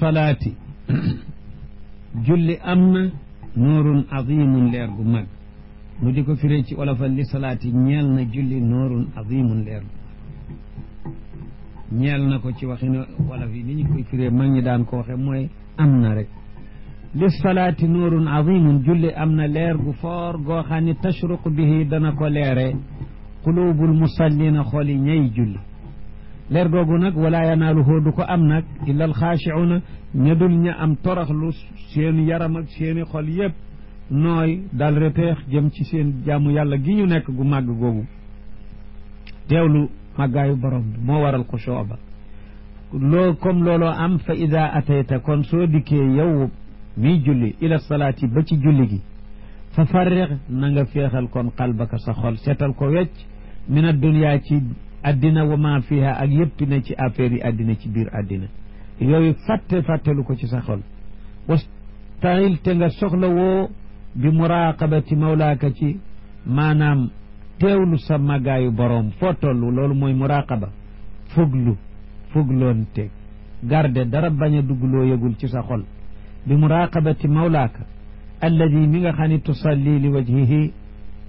salaati julli am na nuurun azimun leer gu mag mu di ko firee ci olofal li salaati ñeel na julli nuurun azimun leer gu mag ñeel na ko ci waxinu wolof yi ni ñu koy firee mag ñi daan ko waxe mooy am na rek li salaati nuurun azimun julli am na leer gu foor goo xam ni tashruq dana ko leere quluubul musallina xooli ñay julli leer googu nag wala yanaaluhu du ko am nag illal xaashi'uuna ña dul ña am toroxlu seen yaram ak seeni xol yépp nooy dal reteex jëm ci seen jàmm yàlla gi ñu nekk gu màgg googu teewlu màggaayu borom bi moo waral ko sooba loo comme looloo am fa ida atayta kon soo dikkee yow miy julli ila salaati ba ci julli gi fa farrix na nga kon xalbaka sa xol seetal ko wecc min ad dunya ci àddina wa ma fiha ak yëpp ne ci affaire yi addina ci biir addina yooyu fàtte fàttelu ko ci sa xol wastail te nga soxla bi muraqabati ci maanaam teewlu sa màggaayu boroom foo toll loolu mooy muraqaba fuglu fugloonte garde dara bañ a dugg loo yëgul ci sa xol bi muraqabati mawlaaka alladi mi nga xam ni tusalli li wajhihi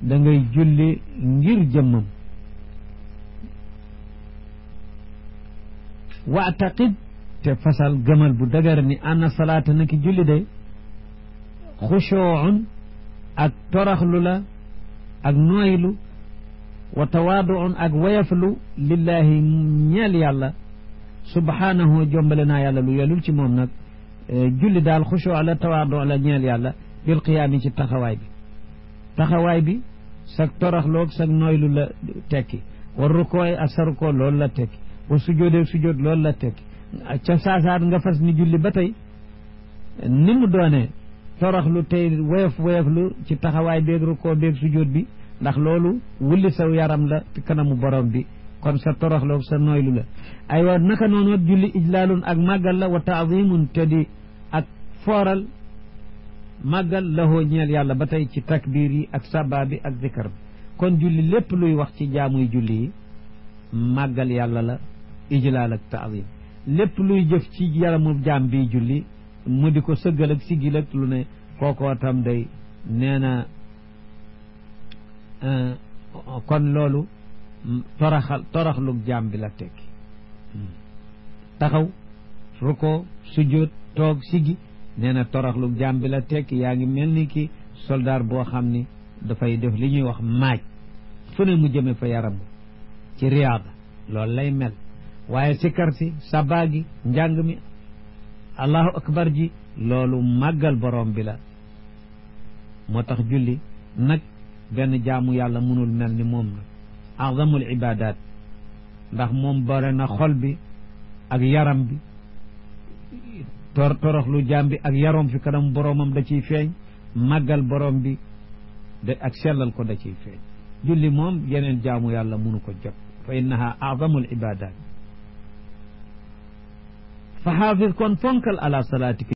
da ngay julli ngir jëmmam waataqid te fasal gëmal bu dëgër ni anna salaata na ki julli day xushoon ak toraxlu la ak nooylu wa tawaaduun ak wayaflu lillahi ñeel yàlla subhaanahu jombale naa yàlla lu yelul ci moom nag e, julli daal xushoo la tawaadu la ñeel yàlla bil qiyaami ci taxawaay bi taxawaay bi sag toraxloog sag nooylu la tekki war rukooy ak sa rukoo loolu la tekki bu sujjoodee sujjood loolu la tekki ca saasaat nga fas ni julli ba tey ni mu doonee toroxlu tey woyof woyof ci taxawaay beeg rukkoo beeg sujjood bi ndax loolu wulli sa yaram la ci kanamu borom bi kon sa toroxlu sa nooylu la aywa naka noonu julli ijlaalun ak màggal la wa taazimun te di ak fooral màggal lahoo ñeel yàlla ba tey ci takbiir yi ak sabaa bi ak zikar bi kon julli lépp luy wax ci jaamuy julli yi màggal yàlla la ijlaal ak taazim lépp luy jëf ci yaramu jaam bi julli mu di ko sëggal ak sigil ak lu ne kookoo tam day nee na euh, kon loolu toraxal toraxlu jaam bi la tekki taxaw ruko sujjóot toog sigi nee na jaam bi la tekki yaa ngi mel ni ki soldaar boo xam ni dafay def li ñuy wax maaj fu ne mu jëme fa yaram ci riyaada loolu lay mel waaye sikkar si sabaa gi njàng mi allahu akbar ji loolu màggal borom bi la moo tax julli nag benn jaamu yàlla mënul mel ni moom la azamul ibadat ndax moom bare na xol bi ak yaram bi tor toroxlu jaam bi ak yarom fi kanam boromam da ciy feeñ màggal borom bi da ak sellal ko da ciy feeñ julli moom yeneen jaamu yàlla mënu ko jot fa innaha azamul ibadat fa xaafis kon fonkal ala salaatika